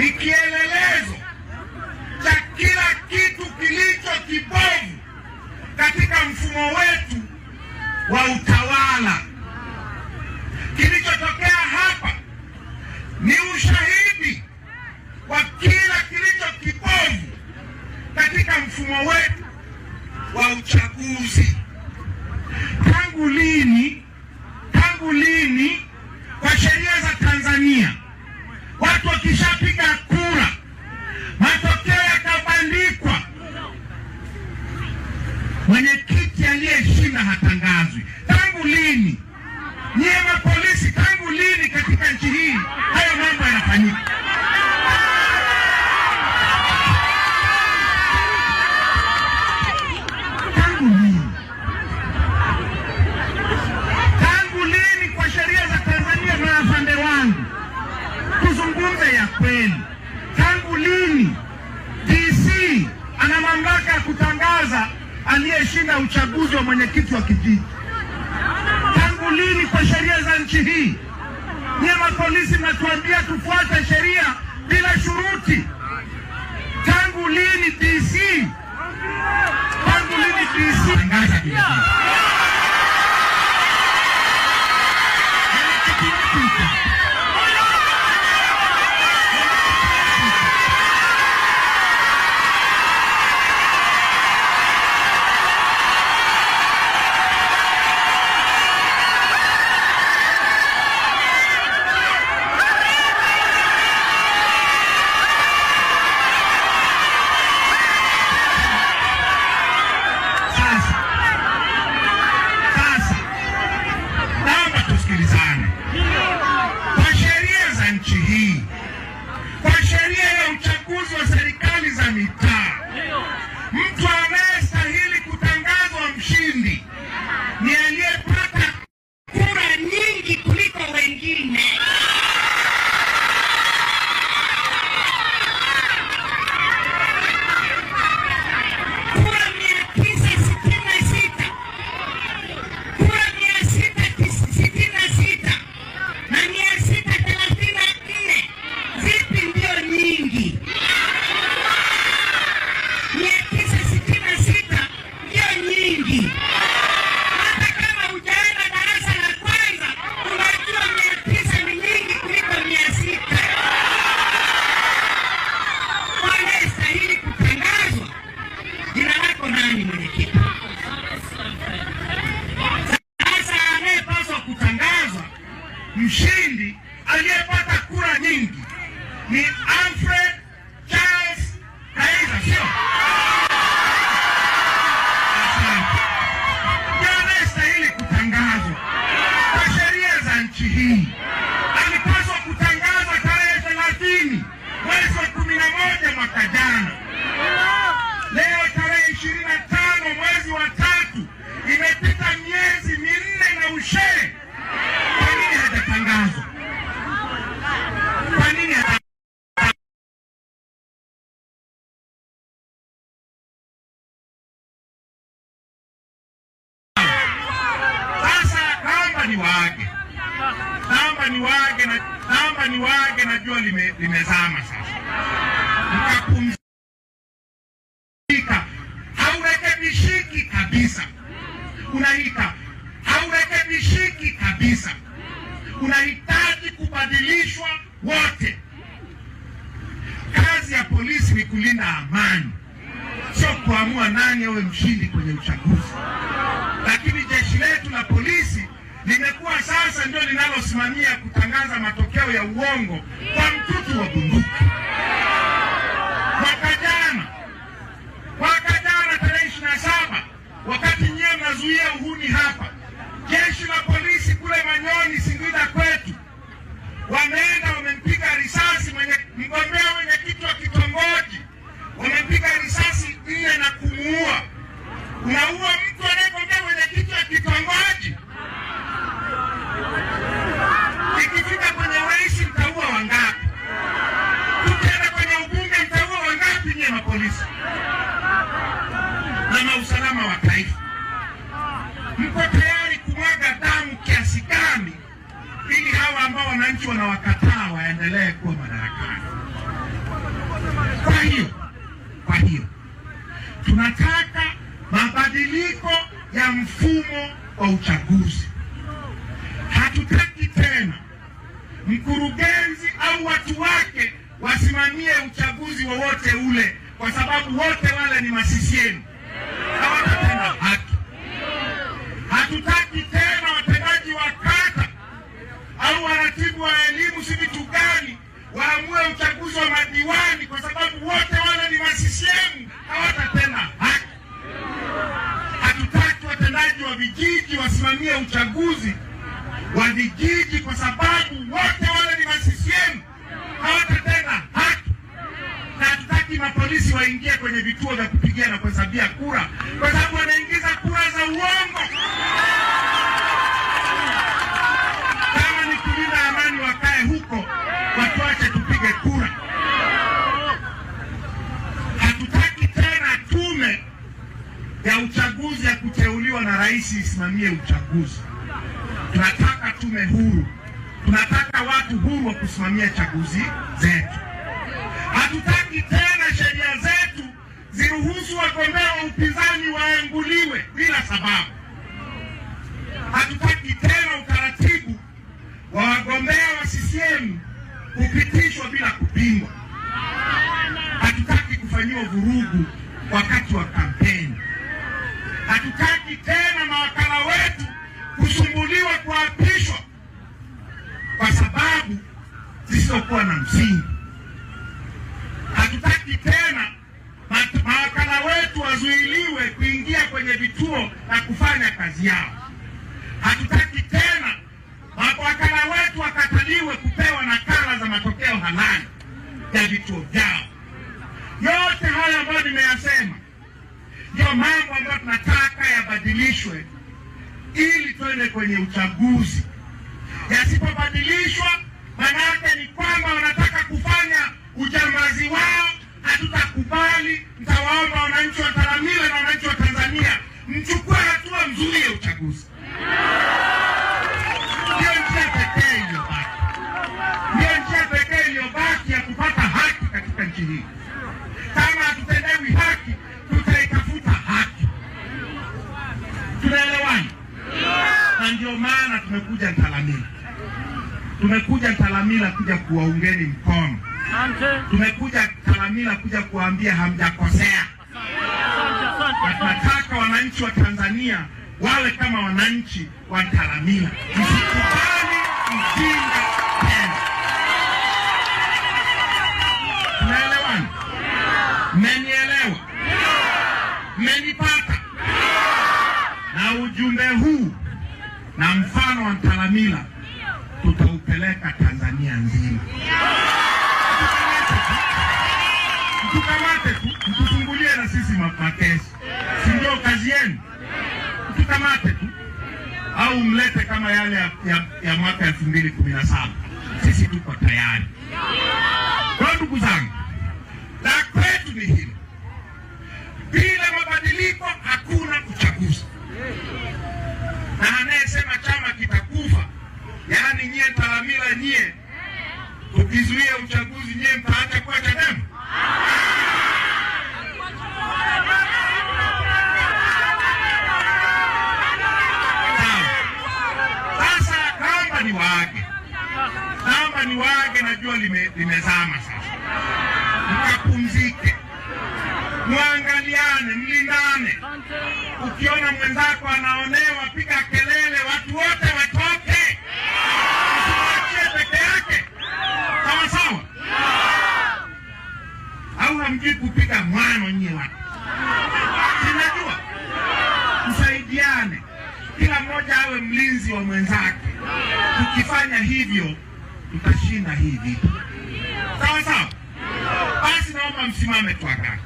ni kielelezo cha kila kitu kilicho kibovu katika mfumo wetu wa utawala. Kilichotokea hapa ni ushahidi wa kila kilicho kibovu katika mfumo wetu wa uchaguzi. Mwenyekiti aliyeshinda hatangazwi. Tangu lini nyie mapolisi, tangu lini katika nchi hii hayo mambo yanafanyika? tumeshinda uchaguzi wa mwenyekiti wa kijiji. Tangu lini kwa sheria za nchi hii? Nyie mapolisi mnatuambia tufuate sheria bila shuruti. Tangu lini DC? Tangu lini DC? ni Alfa Samba ni waage, namba ni waage na Samba ni waage na jua lime, limezama sasa, mkapumzika. Haurekebishiki kabisa, unaita haurekebishiki kabisa, unahitaji kubadilishwa wote. Kazi ya polisi ni kulinda amani, sio kuamua nani awe mshindi kwenye uchaguzi. Lakini jeshi letu la polisi limekuwa sasa ndio linalosimamia kutangaza matokeo ya uongo kwa mtutu wa bunduki. Mwaka jana, mwaka jana tarehe ishirini na saba wakati nyewe mnazuia uhuni hapa, jeshi la polisi kule Manyoni, Singida kwetu, wameenda wamempiga risasi na polisi na mausalama wa taifa, mko tayari kumwaga damu kiasi gani ili hawa ambao wananchi wanawakataa waendelee kuwa madarakani? Kwa hiyo kwa hiyo tunataka mabadiliko ya mfumo wa uchaguzi. Hatutaki tena mkurugenzi au watu wake wasimamie uchaguzi wowote ule kwa sababu wote wale ni masisieni, hawatatenda haki. Hatutaki tena watendaji wa kata au waratibu wa elimu, si vitu gani, waamue uchaguzi wa madiwani, kwa sababu wote wale ni masisieni, hawatatenda haki. Hatutaki watendaji wa vijiji wasimamie uchaguzi wa vijiji, kwa sababu wote polisi waingie kwenye vituo vya kupigia na kuhesabia kura, kwa sababu wanaingiza kura za uongo. Kama ni kulinda amani, wakae huko, watuache tupige kura. Hatutaki tena tume ya uchaguzi ya kuteuliwa na rais isimamie uchaguzi. Tunataka tume huru, tunataka watu huru wa kusimamia chaguzi zetu. Hatutaki tena Hatutaki tena mawakala wetu kusumbuliwa kuapishwa kwa sababu zisizokuwa na msingi. Hatutaki tena mawakala wetu wazuiliwe kuingia kwenye vituo na kufanya kazi yao. Hatutaki tena mawakala wetu wakataliwe kupewa nakala za matokeo halali ya vituo vyao. Yote haya ambayo nimeyasema ndio mambo ambayo tunataka yabadilishwe ili twende kwenye uchaguzi. Yasipobadilishwa manake ni kwamba wanataka kufanya ujambazi wao, hatutakubali. mtawaomba wananchi wataramiwe na wananchi wa Tanzania, mchukue hatua, ya uchaguzi. Tumekuja Talamila kuja kuwaungeni mkono, tumekuja Talamila kuja kuwaambia hamjakosea. Tunataka wananchi wa Tanzania wale kama wananchi wa Talamila, msikubali ujinga tena. Tunaelewana? Mmenielewa? Mmenipata? Na ujumbe huu na mfano wa Talamila tutaupeleka Tanzania nzima. Mtukamate tu mtufungulie na sisi makesi, si ndio kazi yenu? Mtukamate tu au mlete kama yale ya, ya, ya mwaka elfu mbili kumi na saba. Sisi tuko tayari. Kwa ndugu zangu, la kwetu ni hili, bila mabadiliko hakuna uchaguzi, na anayesema chama kitakufa Yaani nyie Talamila, nyie tukizuia uchaguzi, nyie mtaacha kuwa Chadema? Sasa kamba ni wake, kamba ni wake, najua lime, limezama sasa, mkapumzike Mwangaliane, mlindane. Ukiona mwenzako anaonewa, piga kelele, watu wote kama mjui kupika mwano nyie watu, sinajua msaidiane, kila mmoja awe mlinzi wa mwenzake. Tukifanya hivyo tutashinda hivi sawa sawa? Basi naomba msimame kwa